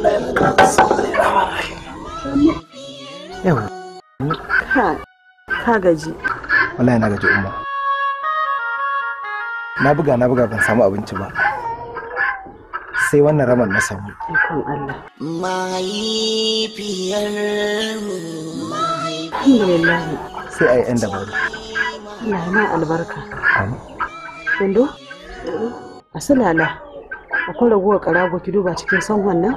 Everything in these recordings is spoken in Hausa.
ka gaji wallahi na gaji umma na buga na buga ban samu abinci ba sai wannan raman na samu ikon Allah mahaifiyar alhamdulillah sai a yi yan dabaru Allah na albarka Yando? Asalala, akwai raguwar ƙarago ki duba cikin sangon nan?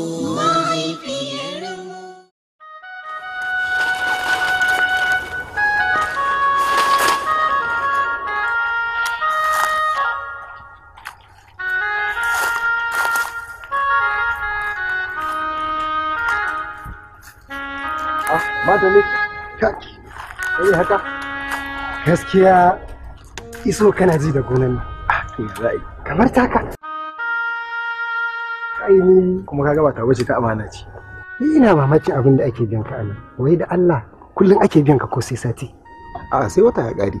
fatalit kai haka gaskiya iso kana ji da gonan nan ah, to ya za'i kamar taka kai ni kuma kaga ba ta bace ta amana ce ni ina mamakin abin da ake biyan ka anan wai da Allah kullum ake biyan ka ko sai sati a sai wata ya kare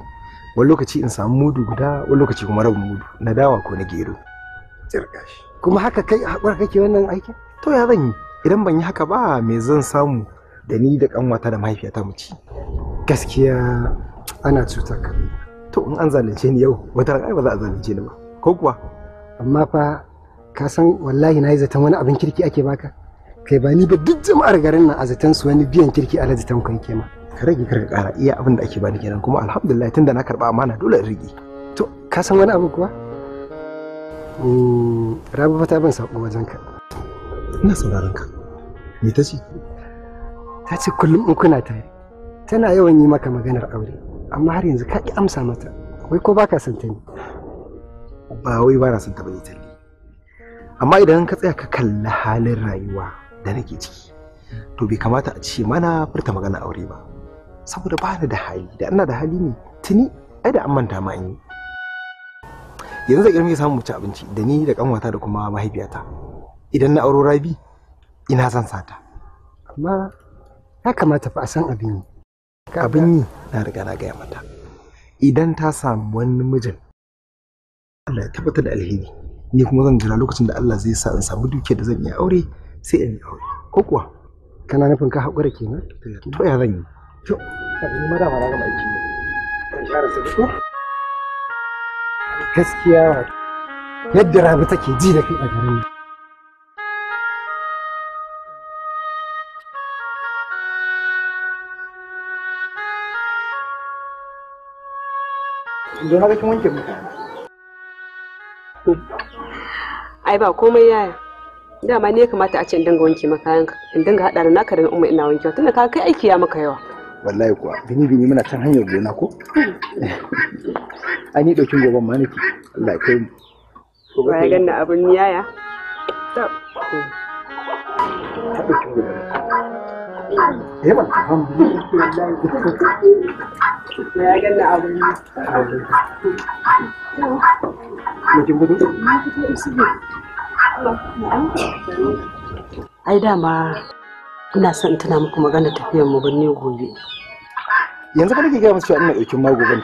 wani lokaci in samu mudu guda wani lokaci kuma rabin mudu na dawa ko na gero kuma haka kai hakura kake wannan aikin to ya zan yi idan ban yi haka ba me zan samu da ni da kanwata da mahaifiyata mu ci gaskiya ana cutar ka to in an zalunce ni yau wata ran ai ba za a zalunce ni ba ko kuwa amma fa ka san wallahi na yi zaton wani abin kirki ake baka kai ba ni ba duk jama'ar garin nan a zaton su wani biyan kirki a lajitan kan ma. ka rage ka kara iya abin da ake bani kenan kuma alhamdulillah tunda na karba amana dole in rige to ka san wani abu kuwa mm, rabu fata ban sako wajen ka ina sauraron ka me ta ce ta ce kullum in kuna tare tana yawan yi maka maganar aure amma har yanzu ka ki amsa mata wai ko baka son ta ne ba wai ba na son ta bane talle amma idan ka tsaya ka kalla halin rayuwa da nake ciki to bai kamata a ce mana furta magana aure ba saboda ba da hali da ina da hali ne tuni ai da an manta ma in yanzu da girmi samu mu abinci da ni da kanwata da kuma mahaifiyata idan na auro rabi ina san sata amma ya kamata fa a san abin yi abin yi na riga na gaya mata idan ta samu wani mijin Allah ya tabbatar da alheri ni kuma zan jira lokacin da Allah zai sa in samu duke da zan yi aure sai in yi aure ko kuwa kana nufin ka haƙura kenan to ya zan yi to ka ni ma da fara ga aiki ne kan share su ko gaskiya yadda rabi take ji da kai a garin yanzu na ga kin wanke mutane ai ba komai yaya dama ne kamata a ce in dinga wanke maka kayan in dinga haɗa da naka da umma ina wanke tunda ka kai aiki ya maka yawa wallahi kuwa bini bini muna can hanyar gona ko ai ni daukin goban ma nake Allah ya kai mu Ba ya ganna abin yaya eh ba ya ganna abin mutum gudu ai dama ina son in tana muku magana tafiyar mu ban ne gobe yanzu ka nake gaya musu ina ɗaukin magogon.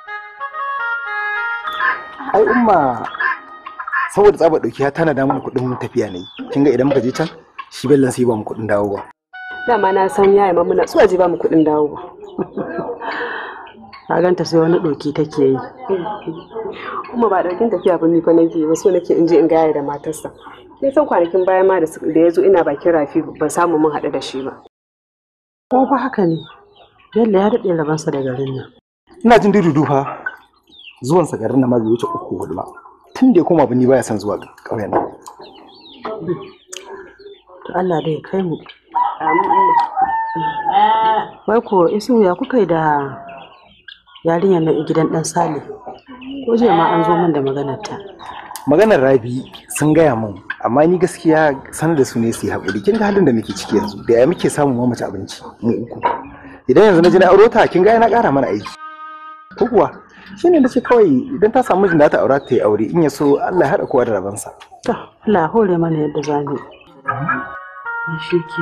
ai umma saboda tsaba ɗauki ya tana da mana kuɗin tafiya ne kin ga idan muka je can shi bellan sai ba mu kuɗin dawowa dama na san yaya mamu na tsuwa ba mu kuɗin dawo ba ka ganta sai wani ɗoki take yi kuma ba ɗaukin tafiya ba ni fa nake ba so nake in je in gaya da matarsa ne san kwanakin baya ma da ya zo ina bakin rafi ban samu mun haɗu da shi ba ko fa haka ne yalla ya daɗe sa da garin nan ina jin dudu fa zuwansa garin nan ma zai wuce uku hudu ba tun da ya koma ba ni baya son zuwa ƙauyen nan to Allah dai kai mu Wai ko isu ya kuka yi da yarinyar nan gidan dan Sale. Ko je ma an zo min da maganar ta. Maganar Rabi sun gaya min amma ni gaskiya sanar da su ne su yi haƙuri kin ga halin da muke ciki yanzu da ya muke samun mamaci abinci mu uku idan yanzu na ji na aure ta kin ga na ƙara mana aiki ko kuwa shi ne da ce kawai idan ta samu mijin da ta aura ta yi aure in ya so Allah ya haɗa kowa da rabansa. To Allah hore mana yadda za mu. Shi ke.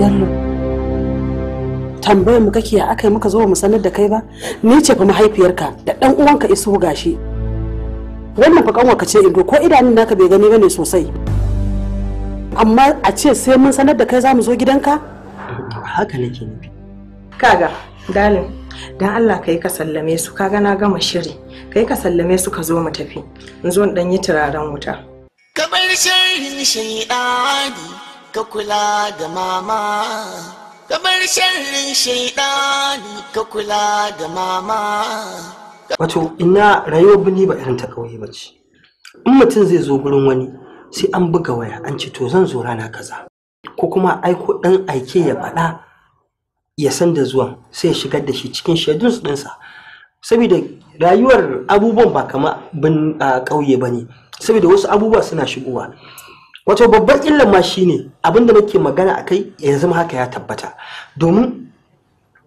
yallo Tambayar mu kake ya aka yi muka zo mu sanar da kai ba? Ni ce fa mahaifiyarka da ɗan uwanka iso gashi. Wannan fa ka ce ido ko idanun naka bai gani bane sosai. Amma a ce sai mun sanar da kai za mu zo gidanka? Haka nake nufi. Kaga, dalin, dan Allah kai ka sallame su kaga na gama shiri. Kai ka sallame su ka zo mu tafi. In zo dan yi turaren wuta. Kabar sharrin shay'ani ka kula da mama kamar sharrin shaidani ka kula da mama wato ina rayuwar Bini ba irin ta kauye ba ce in mutum zai zo gurin wani sai an buga waya an ce to zan zo rana kaza ko kuma aiko dan aike ya faɗa ya san da zuwan sai ya shigar da shi cikin shaidun dinsa? saboda rayuwar abubuwan ba kama bin ƙauye ba ne saboda wasu abubuwa suna shigowa wato babbar illan ma shine abinda nake magana akai yanzu zama haka ya tabbata domin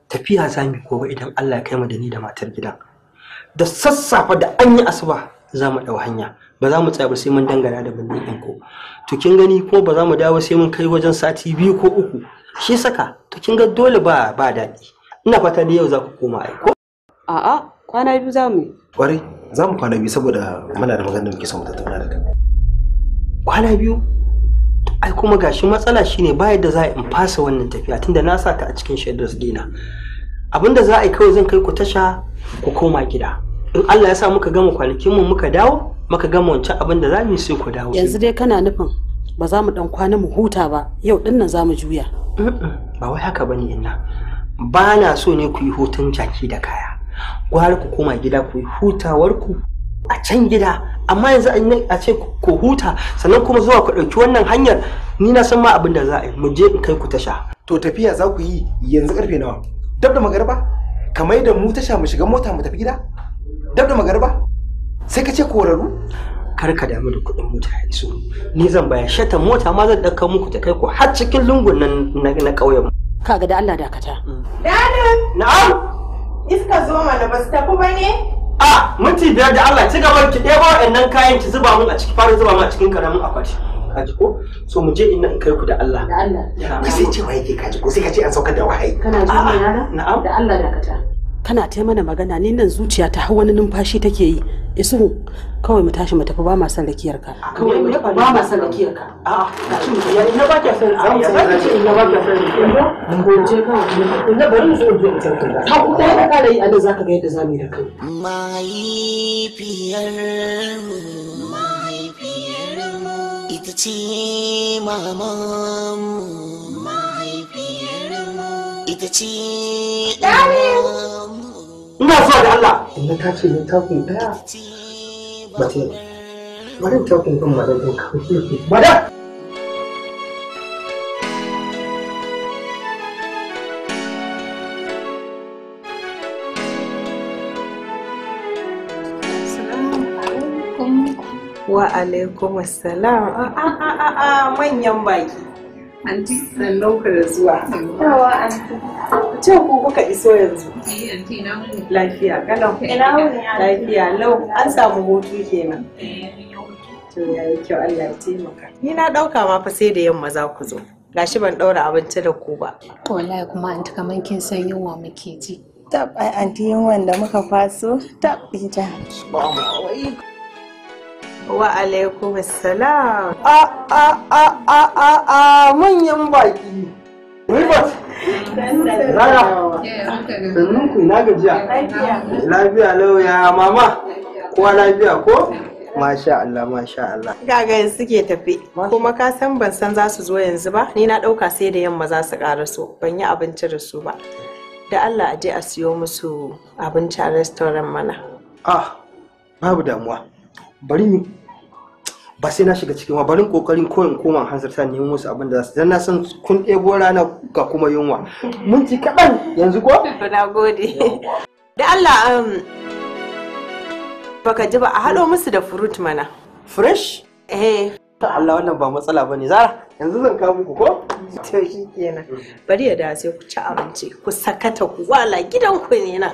tafiya za mu gobe idan Allah ya kai mu da ni da matar gida da sassafa da an yi asuba za mu ɗau hanya ba za mu tsaya ba sai mun dangana da din ko to kin gani ko ba za mu dawo sai mun kai wajen sati biyu ko uku shi saka to kin ga dole ba ba daɗi ina fata da yau za ku koma ai ko a'a kwana biyu za mu yi kwarai za mu kwana biyu saboda muna da maganar da muke son mu tattauna da kai kwana biyu ai kuma gashi matsala shine ba yadda za a in fasa wannan tafiya tunda na sa ta a cikin shaidus dina abinda za a yi kawai zan kai ku tasha ku koma gida in Allah ya sa muka gama kwanakin mu muka dawo muka gama wancan abin da za mu sai ku dawo yanzu dai kana nufin ba za mu dan kwana mu huta ba yau din nan za mu juya ba wai haka bane inna ba na so ne ku yi hutun jaki da kaya gwara ku koma gida ku yi hutawar ku a can gida amma yanzu an a ce ko huta sannan kuma zuwa ku ɗauki wannan hanyar ni na san ma abin da za a yi mu je in kai ku tasha to tafiya za ku yi yanzu karfe nawa dab da magarba kamar yadda mu tasha mu shiga mota mu tafi gida dab da magarba sai ka ce koraru kar ka damu da kuɗin mota ya iso ni zan baya shata mota ma zan ɗauka muku ta kai ku har cikin lungun nan na ƙauyen mu kaga da Allah dakata mm. dalin na'am iska zo mana ba su tafi ba ne a minti biyar da Allah ci gaban ki ɗebo wa'annan kayan ki zuba mun a ciki fara zuba mun a cikin karamin akwati kaji ko so mu je inna in kai ku da Allah da Allah ka sai ce waye ke kaji ko sai ka ce an saukar da wahayi kana jin yana na'am da Allah dakata kana ta mana magana ni nan zuciya ta wani numfashi take yi isu kawai mu tashi mu tafi ba ma san rakiyar ka kawai mu tafi ba ma san rakiyar ka a'a ya ina ba ka san a ya ba ka ce ina ba ka san mun goce ka ina bari mu zo mu ta ku da ka yi anan zaka ga yadda zamu yi da kai mahaifiyar mu mahaifiyar mu ita ce mamanmu rikici ina zuwa da Allah inda ta ce ne takun daya mace bari takun ɗin madan ɗin kawai madan wa alaikum assalam ah, ah, ah, manyan baki Anti, sannan da zuwa. Yawa anti. Ce ku kuka iso yanzu. Eh anti na wuni. Lafiya kalau. Eh, ina wuni Lafiya lau an samu hutu kenan. Eh, to yi kyau Allah ya taimaka. Ni na dauka ma fa sai da yamma za ku zo. Gashi ban daura abinci da ku ba. Wallahi kuma anti kaman kin san yunwa muke ji. Tab ai anti yunwan da muka kwaso tab ita. Subhanallah. wa alaikum assalam a a a a a a manyan baki ribot Rara! sannan ku na gajiya. Lafiya lauya mama. Kowa lafiya ko? Masha Allah, masha Allah. Gagayen suke tafi. Kuma ka san ban san za su zo yanzu ba, ni na ɗauka sai da yamma za su ƙaraso. Ban yi abinci da su ba. Da Allah a je a siyo musu abinci a restoran mana. Ah, babu damuwa. bari mu ba sai na shiga cikin wa barin kokarin koyon koman hanzarta ne musu abin da za su dan na san kun ɗebo rana ga kuma yunwa Mun ci kaɗan yanzu ko na gode da Allah um, baka ji ba a haɗo musu da fruit mana fresh eh ta Allah wannan ba matsala ba ne, zara yanzu zan kawo muku ko to kenan bari ya da sai ku ci abinci ku sakata ku wala gidan ku ne na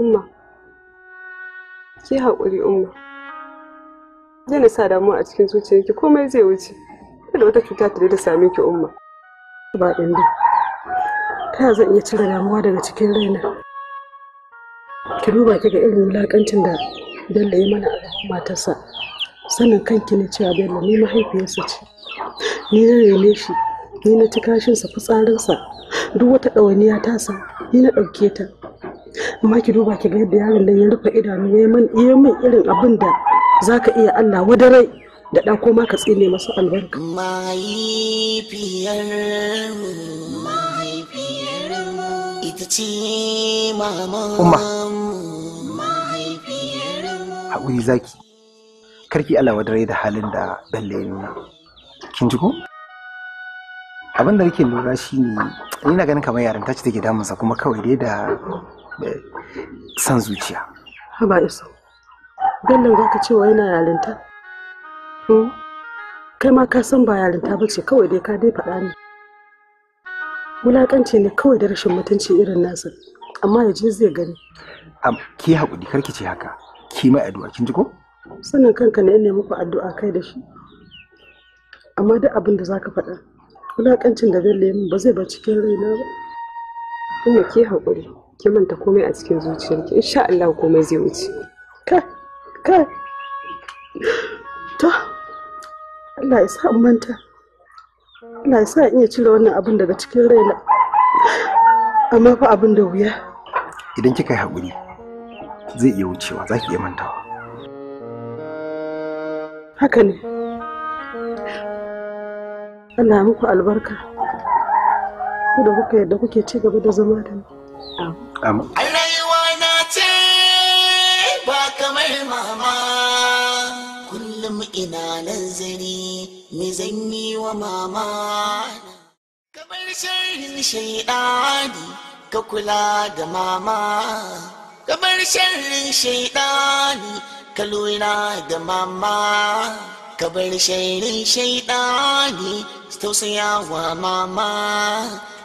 Umma, ki haƙuri Umma. Zai sa damuwa a cikin zuciyarki komai zai wuce. Kada wata cuta ta da same ki Umma. Ba ɗan Ta zan iya cire damuwa daga cikin raina. Ki duba ki ga irin wulaƙancin da Bello ya mana a matarsa. Sanin kanki ne cewa Bello ni mahaifiyarsa ce. Ni na rene shi, ni na ci kashinsa fitsarinsa, duk wata ɗawainiya sa, ni na ɗauke ta. amma ki duba ki ga yadda yaron dan ya rufe idanu ya man iya min irin abin da zaka iya Allah wadarai da dan koma ka tsine masu albarka mahaifiyar mahaifiyar ita ce haƙuri zaki karki Allah wadare da halin da balle ya nuna kin ji ko abin da nake lura shine ina ganin kamar yarinta ce take damunsa kuma kawai dai da san zuciya haba isa bello za ka cewa yana yalinta kai ma ka san ba yalinta ba ce kawai dai ka dai faɗa ne wulaƙanci ne kawai da rashin mutunci irin nasa amma yaje zai gani am ki haƙuri karki ce haka ki mai addu'a kin ji ko sanin kanka ne ne muku addu'a kai da shi amma duk abin da zaka faɗa wulaƙancin da zai lemu ba zai ba cikin raina ba kuma ki haƙuri ki manta komai a cikin zuciyarki insha Allah komai zai wuce ka ka to Allah ya sa in manta Allah ya sa in iya cire wannan abin daga cikin raina amma fa abin da wuya idan kika yi haƙuri zai iya wucewa za ki iya mantawa haka ne Allah muku albarka da kuka yadda kuke ci gaba da zama da ni Rayuwa na ce ba kamar mama kullum ina wa mama sharrin shaidani ka kula da mama kamar sharrin shaidani ka lura da mama kabar sharrin shaidani tausaya mama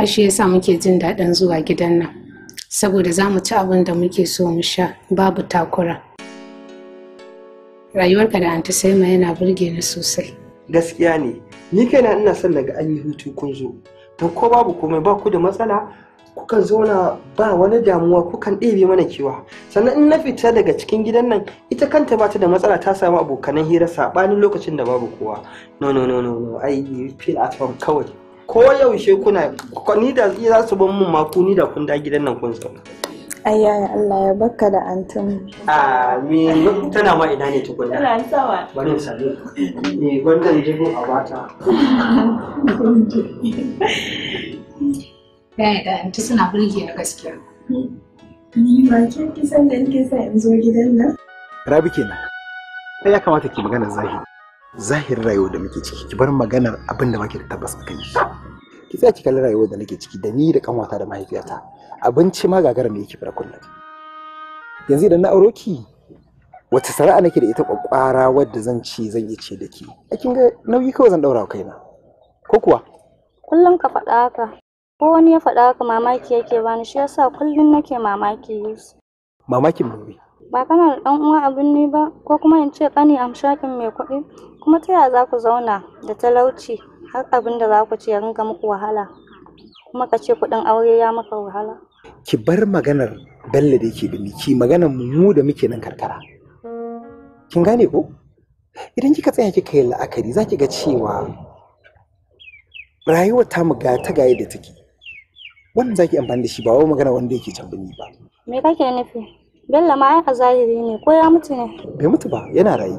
har shi yasa muke jin daɗin zuwa gidan nan saboda za mu ci abin da muke so mu sha babu takura rayuwarka da anti saima yana burge ni sosai gaskiya ne ni kaina ina son daga anyi hutu kun zo don ko babu komai ba ku da matsala kukan zauna ba wani damuwa kukan ɗebe mana kewa sannan in na fita daga cikin gidan nan ita kanta ba ta da matsala ta samu abokanan hira saɓanin lokacin da babu kowa no no no no no i feel at home kawai ko kuna ni da za su ban mun ma ni da kun da gidan nan kun sauka. Ayya Allah ya baka da antum. Amin. Tana ma ina ne tukunna. Tana sawa. Bari Ni Eh gwandan jigo a bata. Kai da antu suna burge na gaskiya. Ni ma kin kisan da nake sa in zo gidan nan. Rabi kenan. Sai ya kamata ki magana zahiri. zahirin rayuwar da muke ciki ki bar maganar abin da muke da tabbas a kai ki tsaya ki kalli rayuwar da nake ciki da ni da kanwata da mahaifiyata abinci ma gagara me yake fara kullum yanzu idan na auro ki wata sana'a nake da ita kwakwara wadda zan ce zan yi ce da ki a kin ga nauyi kawai zan daura kaina ko kuwa kullum ka faɗa haka ko wani ya faɗa haka mamaki yake bani shi yasa kullum nake mamaki yusuf mamakin mu ba kana da ɗan uwa a birni ba ko kuma in ce ƙani amshakin mai kuɗi kuma ta yaya za ku zauna da talauci har abin da za ku ci ya ringa muku wahala kuma ka ce kuɗin aure ya maka wahala ki bar maganar bello da yake binni ki maganar mu da muke nan karkara kin gane ko idan kika tsaya kika yi la'akari za ki ga cewa rayuwar ta mu ga ta gaye da take wannan za ki amfani da shi ba wai magana wanda yake can birni ba me kake nufi Bello ma ai a zahiri ne ko ya mutu ne? Bai mutu ba yana rayu.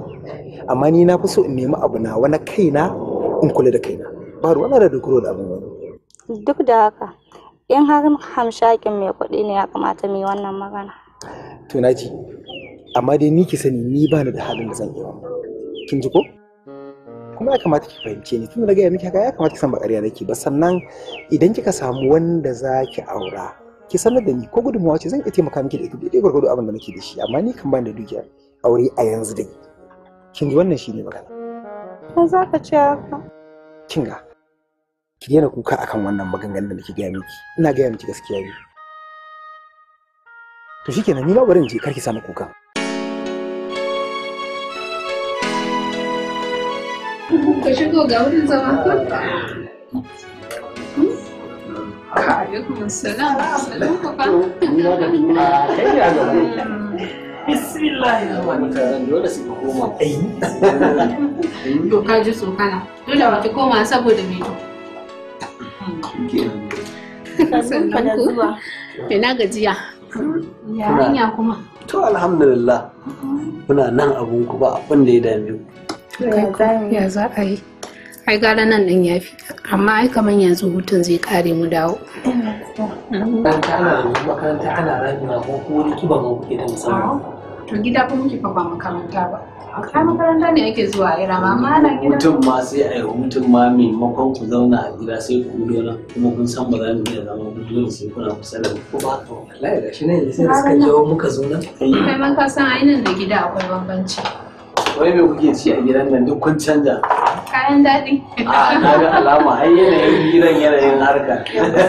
Amma ni na fi so in nemi abu na wani kaina in kula da kaina. Ba ruwa na da dogaro da abin wani. Duk da haka in har hamshakin mai kuɗi ne ya kamata mu yi wannan magana. To na ji. Amma dai ni ki sani ni ba ni da halin da zan yi wannan. Kin ji ko? kuma ya kamata ki fahimce ni tun da gaya miki haka ya kamata ki san ba ƙarya nake ba sannan idan kika samu wanda za ki aura ki sanar da ni ko gudunmawa ce zan iya taimaka miki da ita daidai gargado abin da nake da shi amma ni kan bani da dukiyar aure a yanzu dai kin ji wannan shine magana ko za ka ce haka kin ga ki daina kuka akan wannan maganganun da nake gaya miki ina gaya miki gaskiya ne to shikenan ni ma bari je kar ki samu kuka Ka shigo ga wurin zama alaikum ah, na to Ina kuma. alhamdulillah muna nan abun ku ba abin da ya dame Ya za a yi. Ai gara nan ya yafi. Amma ai kamar yanzu hutun zai kare mu dawo. Dan ana da makaranta ana ramina ko ko kiba ma kuke da musamman. To gida kuma muke fa ba makaranta ba. A makaranta ne yake zuwa a ma. amma ana gida. Mutum ma sai a yi mutum ma maimakon ku zauna a gida sai ku yi nan kuma kun san ba za mu iya zama ku dole sai kuna kusa da ku ba. Wallahi gashi ne sai suka jawo muka zo nan. Kai man ka san ainihin da gida akwai bambanci. wai me kuke ci a gidan nan duk kun canja kayan daɗi a na ga alama ai yanayin gidan yanayin harka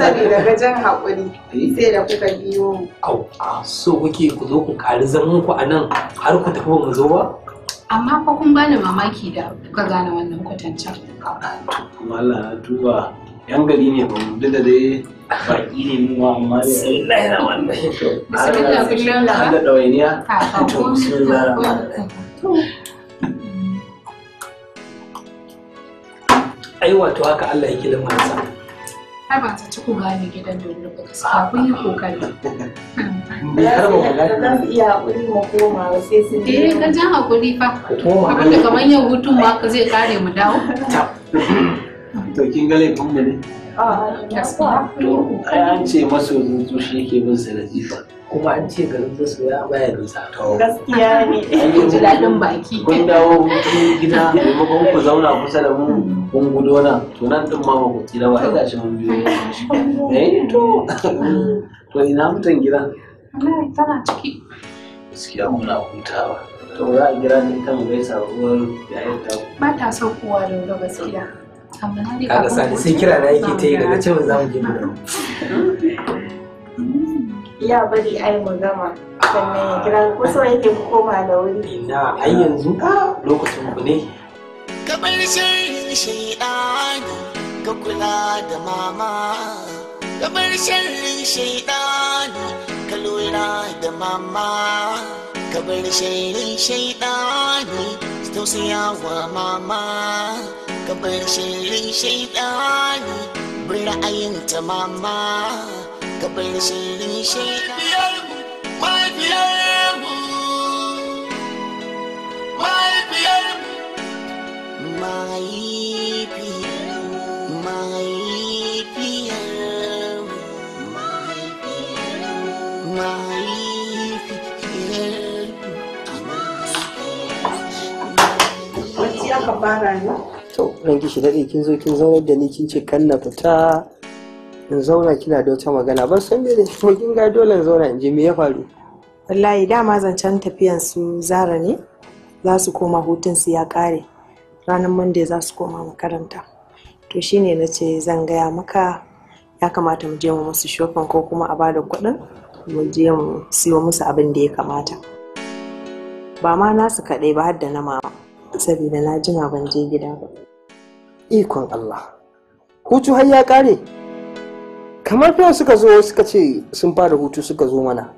saboda gajen haƙuri eh. sai da kuka biyo au so kuke ku zo ku ƙari zaman ku a nan har ku tafi mu zo ba amma fa kun bani mamaki da kuka gane wannan kwatancin mala duba yan gari ne ba mu da dai baki ne mu ma amma sai na yana wannan bismillah kullum da da dawainiya to bismillah ai wato haka Allah yake da mansa ai ba ta ci ku gidan da wuri ba ka ku yi kokari ne har ba ga za ka iya hakuri mu koma sai sun eh ka jan hakuri fa abin da kamar yau hutun ma ka zai kare mu dawo to kin ga laifin mu ne a ah, gaskiya an ce masoyin zuci yake bin sa da jifa kuma an ce garin zasu ya baya nisa gaskiya ne an ji daɗin baki kun dawo gida maimakon ku zauna kusa da mu kun gudo nan to nan din ma ku tsira ba ga shi mun biyo eh to to ina mutan gida tana ciki gaskiya muna hutawa to za a gira ne kan gaisa ruwar yayin ta ba ta saukowa da wuri gaskiya amma Sani dai sai kira na yake ta yi daga cewa za mu je ya bari ai mu gama sannan ya kira ko so yake ku koma da wuri na ai yanzu lokacin ku ne ka bar sharrin shaidani ka kula da mama ka bar sharrin shaidani ka lura da mama ka bar sharrin shaidani wa mama ka bar sharrin shaidani bin ra'ayinta mama ka bar sirrin shaidiyar mahaifiyar mu mahaifiyar mu aka fara ne? To, ranki shi daɗe kin zo kin zaunar da ni kin ce kan na fita in zauna kina da wata magana ban san me da shi kin ga dole in zauna in ji me ya faru wallahi dama zancen tafiyan su zara ne za su koma hutun su ya kare ranar monday za su koma makaranta to shine na ce zan gaya maka ya kamata mu je mu musu shofan ko kuma a bada kuɗin mu je mu siyo musu abin da ya kamata ba ma nasu kaɗai ba har da na mama saboda na jima ban je gida ba ikon Allah hutu har ya kare. kamar fiye suka zo suka ce sun fara hutu suka zo mana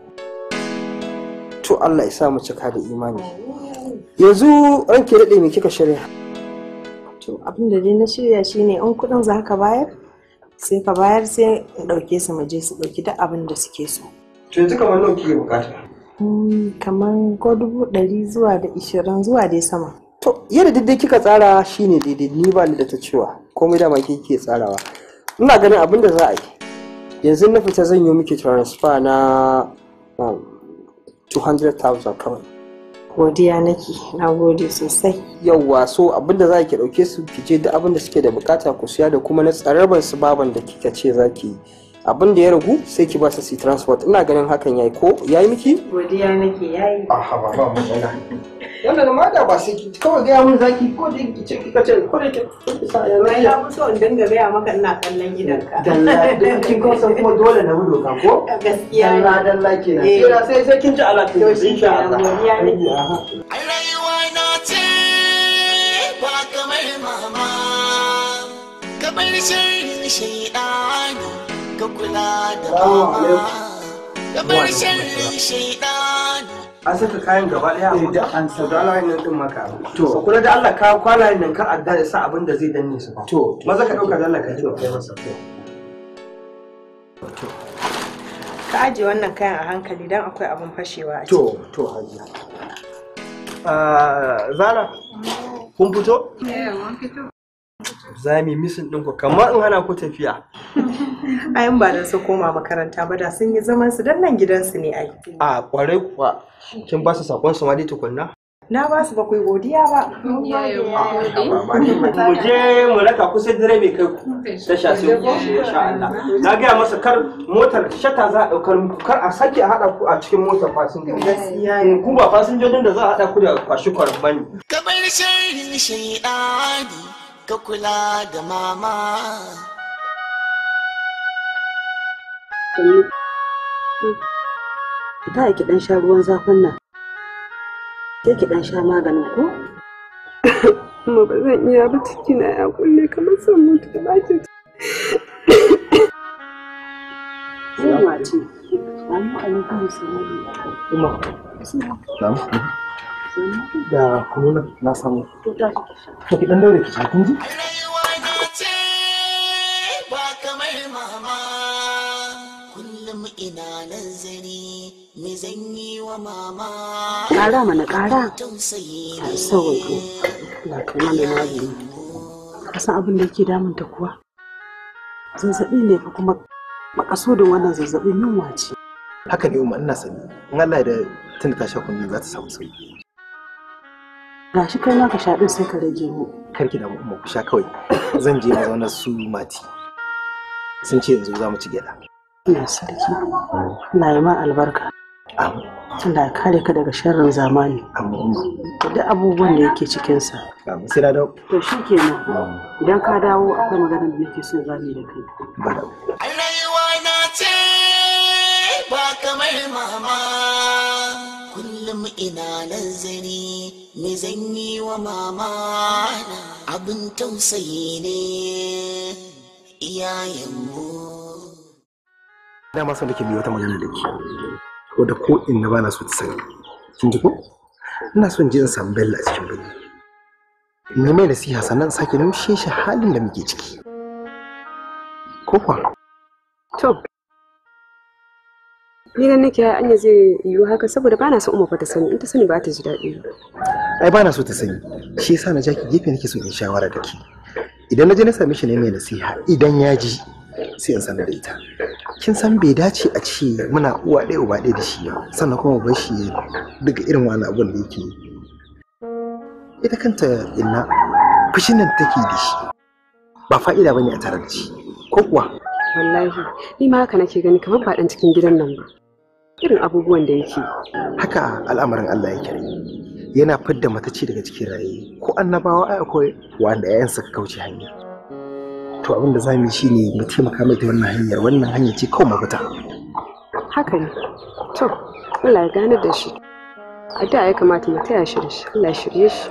to Allah ya sa mu cika da imani yanzu an ke daɗe me kika shirya to abin da dai na shirya shine an kuɗin za ka bayar sai ka bayar sai in ɗauke su maje su ɗauki duk abin da suke so to yanzu kamar nawa kike bukata hmm, kamar ko dubu ɗari zuwa da ishirin zuwa dai sama to yadda daidai kika tsara shine daidai ni ba ni da ta cewa komai dama kike tsarawa ina ganin abin da za a yi yanzu na fita zan yi miki transfer na 200,000 um, kawai godiya nake na gode sosai yauwa so abinda za ki ɗauke su ki je da abinda suke da bukata ku siya da kuma na tsaraban su baban da kika ce za ki yi abin da ya ragu sai ki ba su si transport ina ganin hakan yayi ko yayi miki godiya nake yayi a ha ba ba matsala wannan ma da ba sai ki kawai ga mun zaki ko da ki ce kika ce ko da ki sa ya na ya mutu in dinga ga maka ina kallon gidanka dalla dan kin ko kuma dole na mu doka ko gaskiya na dalla kenan sai eh. sai sai kin ji alaƙa to shi ke godiya nake rayuwa na ce ba kamar mama kamar shi shaidanu ka kula da mama kamar sharrin shaidan an saka kayan gaba daya a eh, da an saka layin nan din maka to kula da Allah ka kwalayen nan ka adda da sa abin da zai danne su to maza ka dauka da Allah ka ji kai masa to ka aje wannan kayan a hankali dan akwai abin fashewa a to to hajiya ah, zara kun fito? Eh, mun fito. za mu yi misin ɗinku kamar in hana ku tafiya. Ayin ba da su koma makaranta ba da sun yi zaman su dan nan gidansu ne ai. A kwarai kuwa kin ba su sakon su ma dai tukunna. Na ba su ba ku godiya ba. Mu je mu raka kusa dire mai kai ku tasha sai ku insha Allah. Na gaya masa kar motar shata za a daukar muku kar a sake a haɗa ku a cikin motar fasinjoji. Ku ba fasinjojin da za a haɗa ku da kwashi kwarin bane. Kamar sai ni shaidani. ka kula da mama ta yi kiɗan sha ruwan zafin nan ke ki dan sha maganin ko Amma ba zan iya ba cikina ya kulle kamar son mutu da bakin ta. ce, baki Salamu alaikum. Salamu alaikum. Umar. Salamu alaikum. da kuma na samu to ta ki ki dan daure ki kin ji ina nazari me zan yi wa mama ƙara mana kara. a sauwaƙo na kuma mana magani ka san abin da yake damunta kuwa zazzaɓi ne fa kuma makasudin wannan zazzaɓin yunwa ce haka ne umar ina sani in Allah da tun ta sha kunni za ta samu sauki gashi kai ma ka sha din sai ka rage mu karki da mu ku sha kawai zan je mazaunar su mati sun ce yanzu za mu ci gyada ina sarki na yi ma albarka tunda ya kare ka daga sharrin zamani da abubuwan da yake cikinsa sai da dawo to shi idan ka dawo akwai maganar da nake son zami da kai Allah ce ba kamar mama kullum ina nazari me zanyi wa mama abin tausayi ne iyayenmu dama sun da ke biyo ta magana da ke wadda ko inna ba na so ta sani kin ji ko ina son jin san bella a cikin birni me mai nasiha sannan sake nushe shi halin da muke ciki ko kwa? to ni ganin ki anya zai yiwu haka saboda bana so umma fa ta sani in ta sani ba ta ji daɗi ba ai bana so ta sani shi yasa na jaki gefe nake so in shawara da ki idan na je na same shi ne mai nasiha idan ya ji sai in sanar da ita kin san bai dace a ce muna uwa ɗaya uba ɗaya da shi ba sannan kuma bar shi duka irin wani abun da yake ita kanta inna fushin nan take da shi ba fa'ida bane a tare da shi ko kuwa wallahi ni ma haka nake gani kamar ba dan cikin gidan nan ba irin abubuwan da yake haka al'amarin Allah ya yake yana fidda matacci daga cikin raye ko annabawa ai akwai wanda yayan suka kauce hanya to abin da zamu yi ne mu taimaka mai ta wannan hanyar wannan hanya ce kawai mafita haka ne to Allah ya gane da shi a da ya kamata mu taya shi da shi Allah ya shirye shi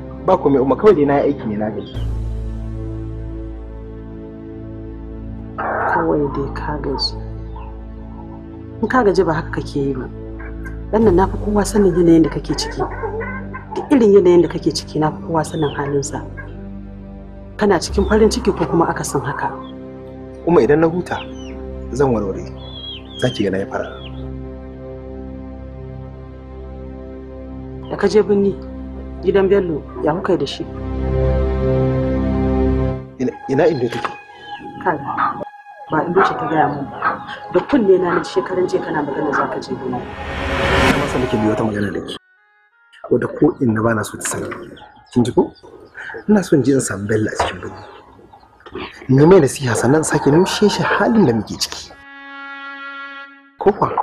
ba mai umma kawai dai na yi aiki ne na gaji kawai dai ka gaji in ka gaji ba haka kake yi ba dan nan nafi kowa sanin yanayin da kake ciki duk irin yanayin da kake ciki nafi kowa sanin halinsa kana cikin farin ciki ko kuma akasin haka kuma idan na huta zan warware za ki ga na yi fara da ka je birni gidan bello ya kuka da shi ina inda take kai ba inda ce ta gaya mun ba da kunne na ne shekarun je kana magana za ka je gona ina sai nake biyo ta magana da ke wadda ko na ba na so ta sani kin ji ko ina son je in samu bello a cikin birni ni mai nasiha sannan sake nushe shi halin da muke ciki ko kuwa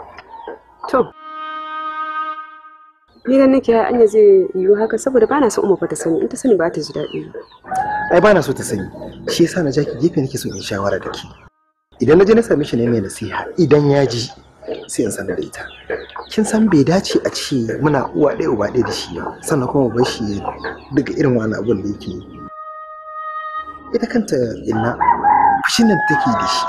to ni ga nake anya zai yiwu haka saboda ba na so umma ta sani in ta sani ba ta ji daɗi ai ba na so ta sani shi yasa na jaki gefe nake so in shawara da ke idan na je na same shi ne mai nasiha idan ya ji sai in sanar da ita kin san bai dace a ce muna uwa ɗaya uba ɗaya da shi ba sannan kuma bar shi daga irin wani abun da yake ita kanta inna fushin nan take da shi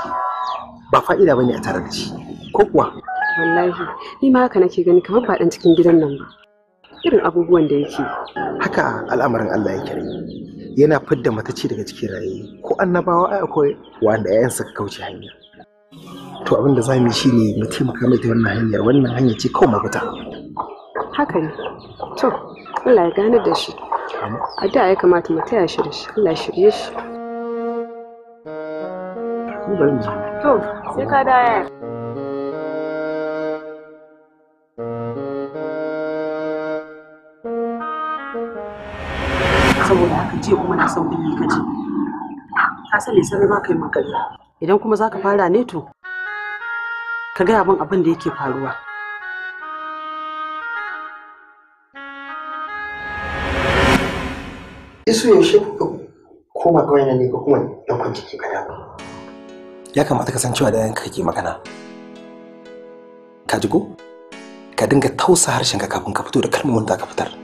ba fa'ida bane a tare da shi ko kuwa wallahi ni ma haka nake gani kamar ba cikin gidan nan ba irin abubuwan da yake haka al'amarin Allah yake rai yana fidda matacce daga cikin raye ko annabawa ai akwai wanda yayan suka kauce hanya to abin da zamu yi ne mu taimaka mai ta wannan hanyar wannan hanya ce kawai mafita haka ne to Allah ya gane da shi a da ya kamata mu taya shi da shi Allah shirye shi to sai ka da saboda haka jiya kuma na san kuɗi ka ji ka san lissafi ma kai idan kuma za ka fara ne to ka gaya min abin da yake faruwa isu yaushe kuka koma ga wannan ne ko kuma dan kwanci ke kada ya kamata ka san cewa da yanka kake magana ka ji ko ka dinga tausa ka kafin ka fito da kalmomin da ka fitar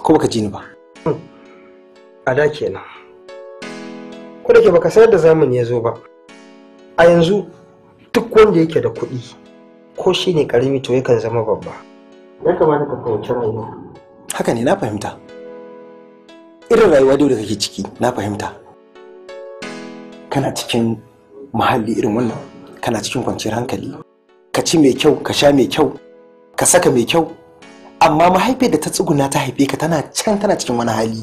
ko baka ji ni ba Hmm. a da kenan ko da ke baka sayar da zamani ya zo ba a yanzu duk wanda yake da kuɗi ko shi ne ƙarami to yakan zama babba ya kamata ka fahimci rayuwa haka ne na fahimta irin rayuwa da kake ciki na fahimta kana cikin muhalli irin wannan kana cikin kwanciyar hankali ka ci mai kyau ka sha mai kyau ka saka mai kyau amma mahaifiyar da ta tsuguna ta haife ka tana can tana cikin wani hali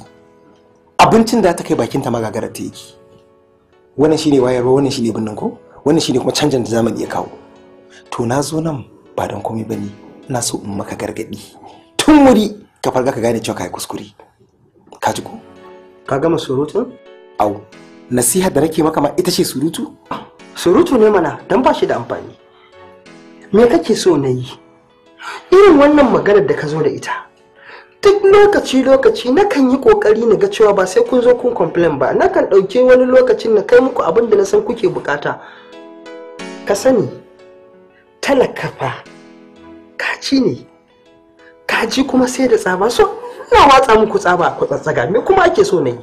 abincin da ta kai bakin ta magagara ta yake wannan shine wayarwa wannan shine binnin ko wannan shine kuma canjin da zamani ya kawo to na zo nan ba don komai bane ina so in maka gargadi tun wuri ka farga ka gane cewa kai kuskure ka ji ko ka gama surutun au nasiha da nake maka ma ita ce surutu surutu ne mana dan ba shi da amfani me kake so na yi irin wannan maganar da ka zo da ita duk lokaci-lokaci na kan yi kokari na ga cewa ba sai kun zo kun complain ba na kan ɗauke wani lokacin na kai muku abin da na san kuke bukata ka sani talaka fa kaci ne kaji kuma sai da tsaba so ina watsa muku tsaba ku tsatsaga me kuma ake so na yi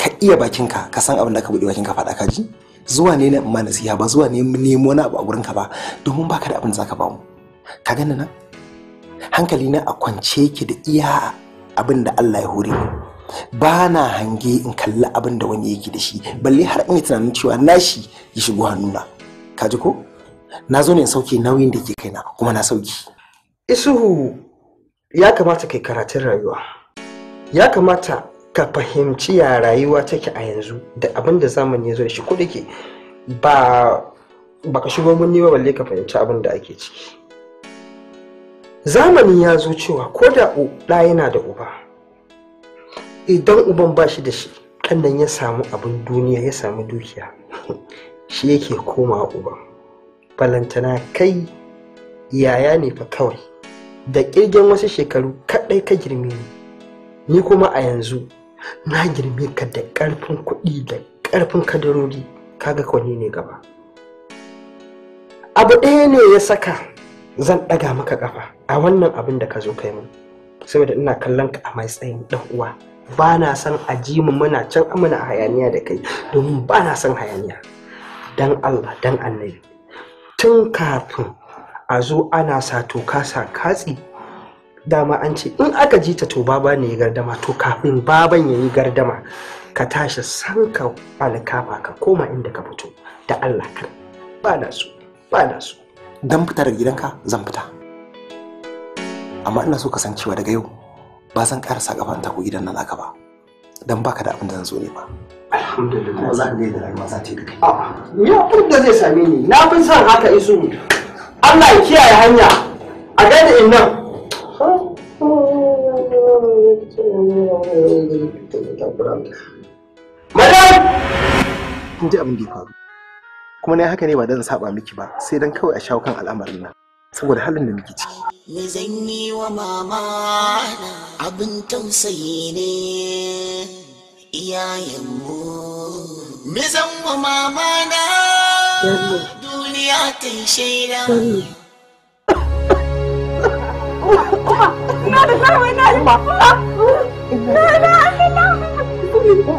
ka iya bakinka ka san abin da ka buɗe bakinka faɗa kaji zuwa ne na ma nasiha ba zuwa ne nemo na abu a gurinka ba domin baka da abin da zaka ba mu ka gani na? hankali na a kwance yake da iya abin da Allah ya hore ba na hange in kalli abin da wani yake da shi balle har in yi tunanin cewa na shi ya shigo hannuna ka ji ko na zo ne in sauke nauyin da ke kaina kuma na sauki isuhu ya kamata kai karatun rayuwa ya kamata ka fahimci ya rayuwa take a yanzu da abin da zamani ya zo da shi ko da ke ba baka shigo mun ba balle ka fahimci abin da ake ciki zamani ya zo cewa ko da ɗa yana da uba idan uban ba shi da shi nan ya samu abin duniya ya samu dukiya shi yake koma uban balantana kai yaya ne fa kawai da ƙirgin wasu shekaru kaɗai ka girme ni ni kuma a yanzu na girme ka da ƙarfin kuɗi da ƙarfin kadarori kaga kwani ne gaba abu ɗaya ne ya saka zan ɗaga maka ƙafa a wannan abin da ka zo kai mun saboda ina kallon ka a matsayin ɗan uwa ba na son a ji mu muna can amana a hayaniya da kai domin ba na son hayaniya dan Allah dan annabi tun kafin a zo ana sa toka sa katsi dama an ce in aka ji ta to baba ne ya gardama to kafin baban ya yi gardama ka tashi san ka alkafa ka koma inda ka fito da Allah ka ba na so ba na so dan fita daga gidanka zan fita amma ina so ka san cewa daga yau ba zan karasa gaban ta ko gidan nan aka ba dan baka da abin da zan zo ne ba alhamdulillah za ka ga da rayuwa za da kai ya ah, abin da zai same ni na fi son haka isu Allah ya kiyaye hanya a gaida in nan madam kun ji abin da ya faru kuma ne haka ne ba dan saba miki ba sai dan kawai a shawo kan al'amarin nan saboda halin da muke ciki me zan yi wa mama abin tausayi ne mu me zan wa mama na duniya ta shaida Ina da sarwai na yi ba. Na da na Kuma,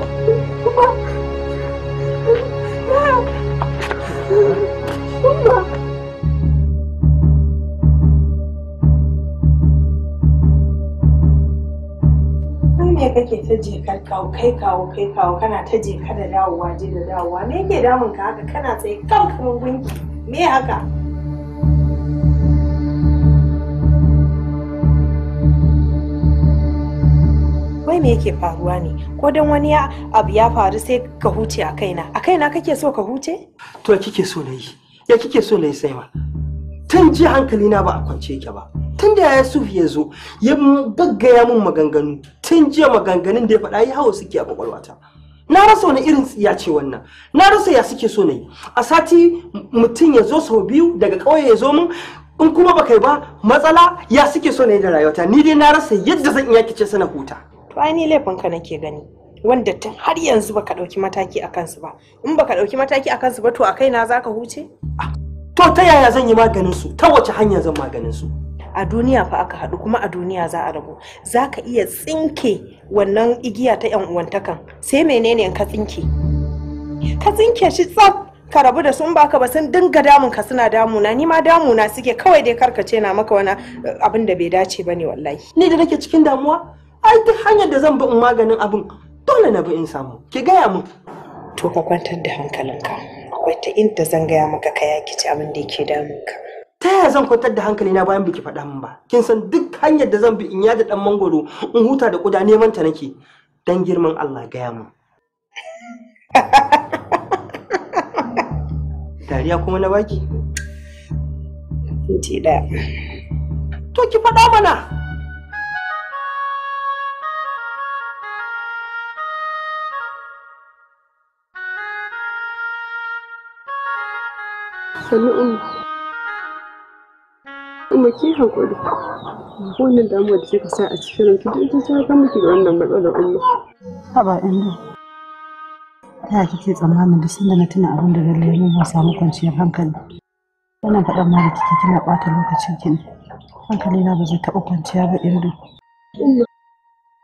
kake ta jikar kawo kai kawo kai kawo kana ta jeka da dawowa je da dawowa me yake damun ka haka kana tsaye kan kaman gunki me haka wai me yake faruwa ne ko dan wani abu ya faru sai ka huce a kaina a kaina kake so ka huce to kike so na yi ya kike so na yi saiwa tun ji hankali na ba a kwance yake ba tun da ya sufi ya zo ya ya mun maganganu tun jiya maganganun da ya faɗa ya hawa suke a kwakwalwata na rasa wani irin ya ce wannan na rasa ya suke so na yi a sati mutum ya zo sau biyu daga ƙauye ya zo mun in kuma ba kai ba matsala ya suke so na yi da rayuwata ni dai na rasa yadda zan iya kice sana huta to ai ni laifin ka nake gani wanda tun har yanzu baka dauki mataki a kansu ba in baka dauki mataki a kansu ba to a kaina zaka huce to ta yaya zan yi maganin su ta wace hanya zan maganin su a duniya fa aka haɗu kuma a duniya za a rabu za ka iya tsinke wannan igiya ta yan uwantakan sai menene in ka tsinke ka tsinke shi tsaf ka rabu da sun baka ba sun dinga damun ka suna damuna ni ma damuna suke kawai dai karkace na maka wani eh, abin da bai dace ba ne wallahi ni da nake cikin damuwa ai duk hanyar da zan bi in maganin abin dole na bi in samu ki gaya mu to ka kwantar da hankalinka akwai ta inda zan gaya maka ka yaki ci abin da yake damunka ta yaya zan kwantar da hankali na bayan biki faɗa min ba kin san duk hanyar da zan bi in yada dan mangoro in huta da kuda neman ta nake dan girman Allah gaya mu dariya kuma na baki Minti ɗaya. To ki faɗa mana. sannu umu umu ki haƙuri wannan damuwa da kika sa a cikin ranki duk ita ta ga miki da wannan matsalar umu haba inda ta kike tsammanin da sanda na tuna abin da lalle mun ba samu kwanciyar hankali wannan faɗan ma da kike kina ɓata lokacin kin hankali na ba zai taɓa kwanciya ba inda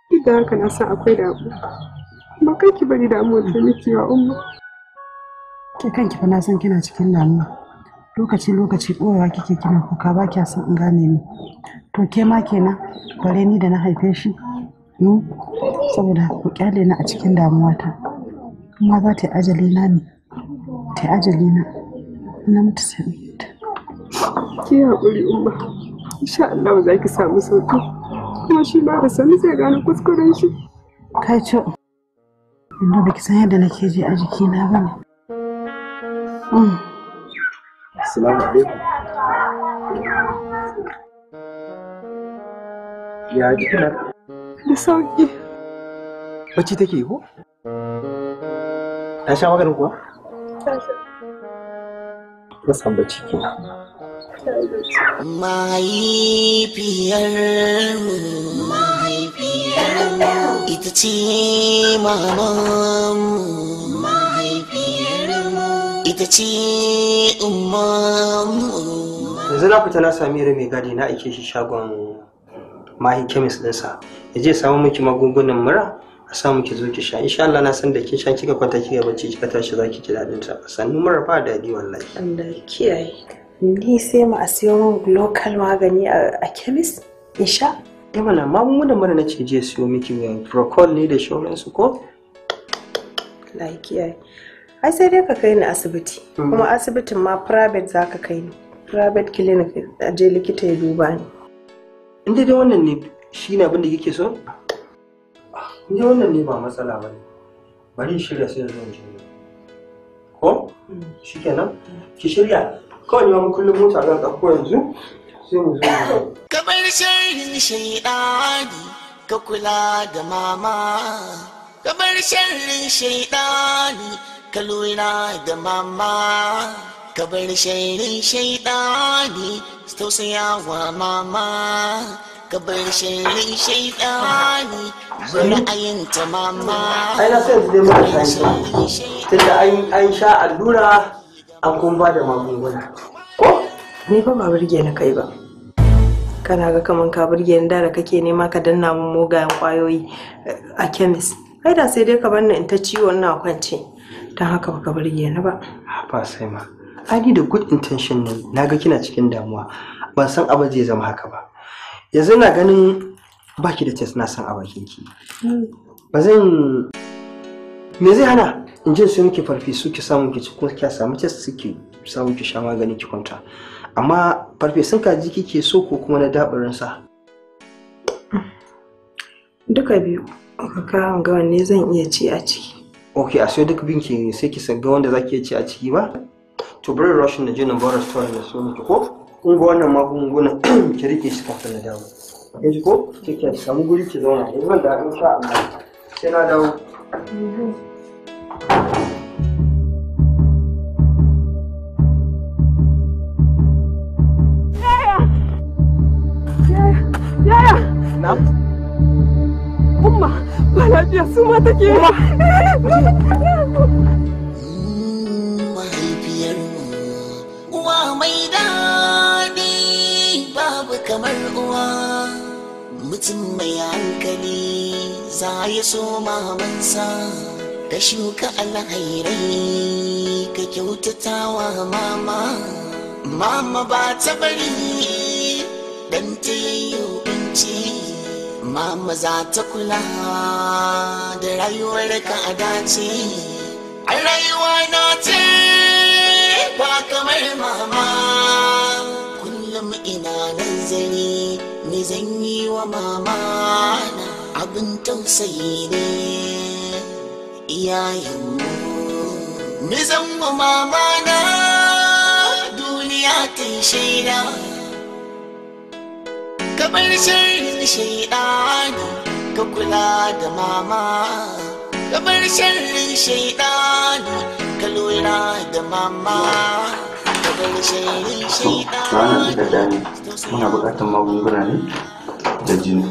duk da haka na sa akwai damuwa Ba kai ki bari damuwar da nake wa umma ke kanki fa na san kina cikin damuwa lokaci lokaci ɓoyewa kike kina kuka ba kya son in gane ni to ke ma kenan bare ni da na haife shi hmm? saboda ku kyale na a cikin damuwata kuma za ta yi ajali na ne ta yi ajali na na mutu sai ki haƙuri umma insha Allah za ki samu sauki kuma shi ba da sani zai gane kuskuren shi kai ce inda ba ki san yadda nake ji a jikina ba ne hmm. Assalamu alaikum. Ya ji kina? Da sauki. Bacci take ko? Ta sha maganin kuwa? Ta sha. Ta san bacci kina. Mahaifiyar Mahaifiyar Ita ce mamanmu. ce yanzu na fita na sami mai gadi na ake shi shagon mahi kemis dinsa ya je samu miki magungunan mura a samu miki zo ki sha insha Allah na san da kin sha kika kwanta kika bacci kika tashi zaki ji dadin ta sannu mura ba dadi wallahi Allah kiyaye ni sai mu a siyo local magani a kemis insha sha eh mana magungunan mura nace je siyo miki eh, procol ne da shauransu ko Allah kiyaye ai sai dai ka kai ni asibiti hmm. kuma asibitin ma private za ka kai ni private clinic a je likita ya duba ni in dai wannan ne shi ne abin da kike so in dai wannan ne ba matsala ba ne bari shirya sai zo in ko hmm. kenan ki shirya kawai ni ma kullum mota ka ko yanzu sai mu zo kamar sharrin shaidani ka kula da mama bar sharrin shaidani ka lura da mama ka bar shairin shaidani tausayawa mama ka bar shairin shaidani bari ta mama ai na sai zai mara shaidani tunda an sha allura an kun ba da magunguna ko me ba ma burge na kai ba kana ga kaman ka burge ni da kake nema ka danna mun mugayen kwayoyi eh, a kemis ai da sai dai ka bar ni in ta ciwo ina kwance don haka baka bari yana ba ah, ba sai ma ni da good intention ne ga kina cikin damuwa ban san abin zai zama haka ba yanzu na ganin baki da test na san abin ki hmm. ba zan me zai hana in ji sai muke farfi su ki samu ki ci ko ki samu test su ki samu ki sha magani ki kwanta amma farfi sun kaji kike so ko kuma na dabarin sa duka biyu ka ga wanne zan iya ci a ciki ok a sai duk binki sai ki sanga wanda za ki ci a ciki ba to bari rashin na je na bar restaurant da su ki ko kun ga wannan magungunan ki rike shi kafin na dawo yanzu ko ki ki samu guri ki zauna yanzu da in sha Allah sai na dawo Yaya! Yaya! Yaya! ba lafiya su ma take ma uwa mai daɗi babu kamar uwa mutum mai hankali za ya so mamansa ka shuka alhairai ka kyautata wa mama mama ba ta bari dan ta yayyo binci mama za ta kula da rayuwar ka a dace a rayuwa na ce ba kamar mama kullum ina nan zane ni zan yi wa mama abin tausayi ne iyayenmu ni zan wa mama na duniya ta shaida kamar shirin shaidani ka kula da mama kamar shirin shaidani ka lura da mama kamar shirin shaidani muna bukatar magunguna ne da jini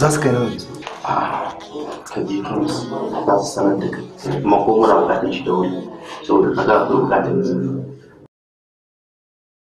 za su kai nawa ah, ka je kan za su sanar da kai kuma ko muna bukatar shi da wuri saboda kaga akwai bukatar jini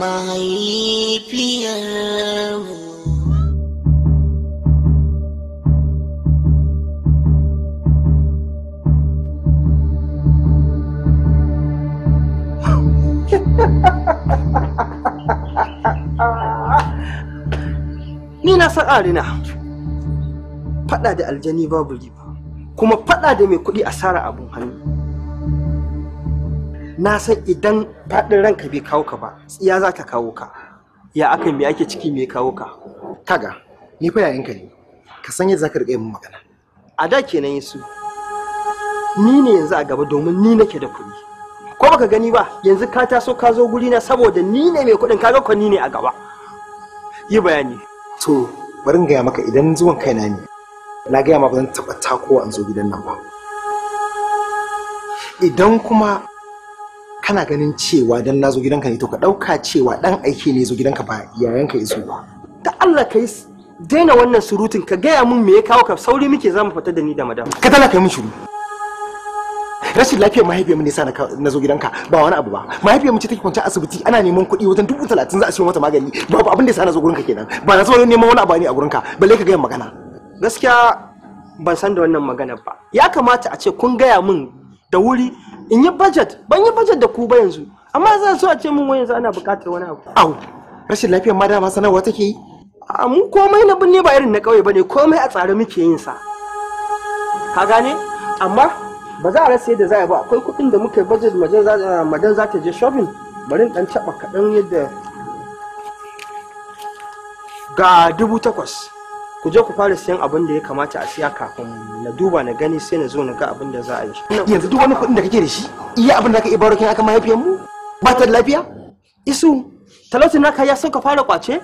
mahaifiyarmu ni na san arina fada da aljani babu riba kuma fada da mai kuɗi asara abun hannu na san idan faɗin ranka bai kawo ka ba tsiya za ta kawo ka ya aka me ake ciki me kawo ka kaga ni fa yayin ka ne ka san yadda zaka riƙa yin magana a da kenan yasu ni ne yanzu a gaba domin ni nake da kuɗi ko baka gani ba yanzu ka taso ka zo guri na saboda ni ne mai kuɗin kaga ko ni ne a gaba yi bayani to bari in gaya maka idan zuwan kaina ne na gaya ma ba zan taɓa takowa an zo gidan nan ba idan kuma kana ganin cewa dan na zo gidanka ne to ka ɗauka cewa dan aiki ne zo gidanka ba yayanka ya zo ba ta Allah ka yi daina wannan surutun ka gaya mun me ya kawo ka sauri muke za mu fita da ni da madam ka tana kai mun shiru rashin lafiyar mahaifiyar mu ne sa na zo gidanka ba wani abu ba mahaifiyar mu ce take kwance asibiti ana neman kuɗi wajen dubu talatin za a siyo mata magani babu abin da ya sa na zo gurinka kenan ba na zo neman wani abu ne a gurinka balle ka gaya magana gaskiya ban san da wannan magana ba ya kamata a ce kun gaya mun da wuri in yi budget ban yi budget da ku ba yanzu amma zan so a ce mun yanzu ana buƙatar wani abu au rashin lafiyar ma dama sanarwa take yi a mun komai na binne ba irin na ƙauye bane komai a tsare muke yin sa ka gane amma ba za a rasa yadda za a ba akwai kuɗin da muka budget eh, madan za ta je shopping bari dan taba kaɗan yadda ga dubu takwas ku je ku fara siyan abin da ya kamata a siya kafin na duba na gani sai na zo na ga abin da za a yi yanzu duk wani kuɗin da kake da shi iya abin da ka iya baro kin aka mahaifiyar mu ba ta da lafiya isu talautin naka ya sauka fara kwace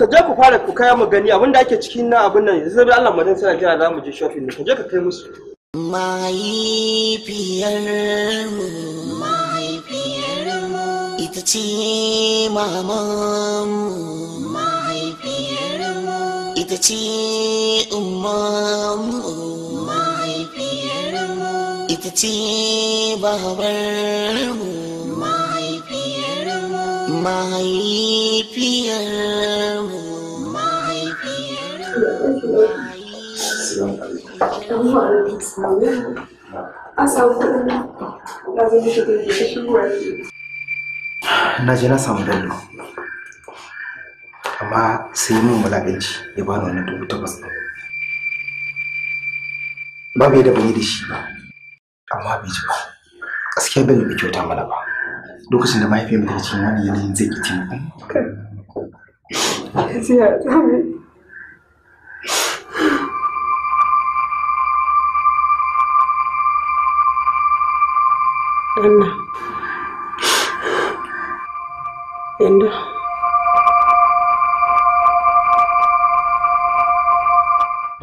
ka je ku fara ku kaya mu gani abin da ake cikin na abin nan yanzu da Allah madan sai jira za mu je shopping ne ka je ka kai musu mahaifiyar mu mahaifiyar mu ita ce mamamu ce umarmu mahaifiyarmu ita ce babarmu mahaifiyarmu mahaifiyarmu mahaifiyarmu na je na samu dalilin amma sai mun wulaƙanci ya bani wannan dubu takwas ɗin ba bai da yi da shi ba amma bai ji ba gaskiya bai bai kyauta mana ba lokacin da mahaifiyar ta ce wani yanayin zai ki mu Anna. Yanda.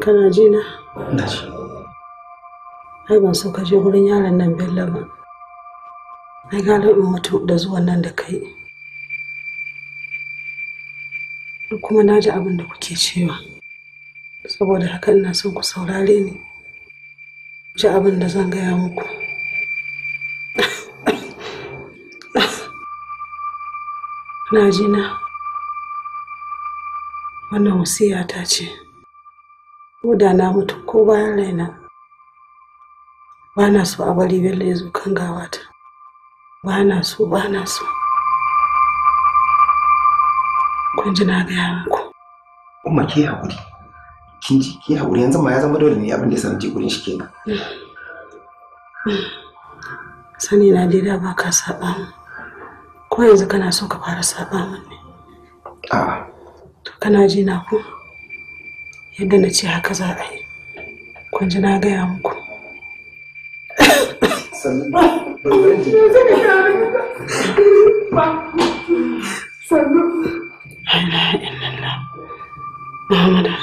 kana ji na? Na ji. Ai ban so ka je gurin yaron nan Bello ba. Ai gano in mutu da zuwan nan da kai. Kuma na ji abin da kuke cewa. Saboda haka ina son ku saurare ni. Ji abin da zan gaya muku. Na ji na. Wannan wasiya ta ce. ko da na mutu ko bayan raina ba na so a bari bello ya zo kan gawata ba na so ba na so kun ji na gaya muku kuma ke haƙuri kin ji ke haƙuri yanzu ma ya zama dole ne abin da ya sanar gurin shi kenan sani na dai da ba ka saba mu ko yanzu kana so ka fara saba mu ne a'a to kana ji na ku yadda na ce haka za a yi kun ji na gaya muku sannu ba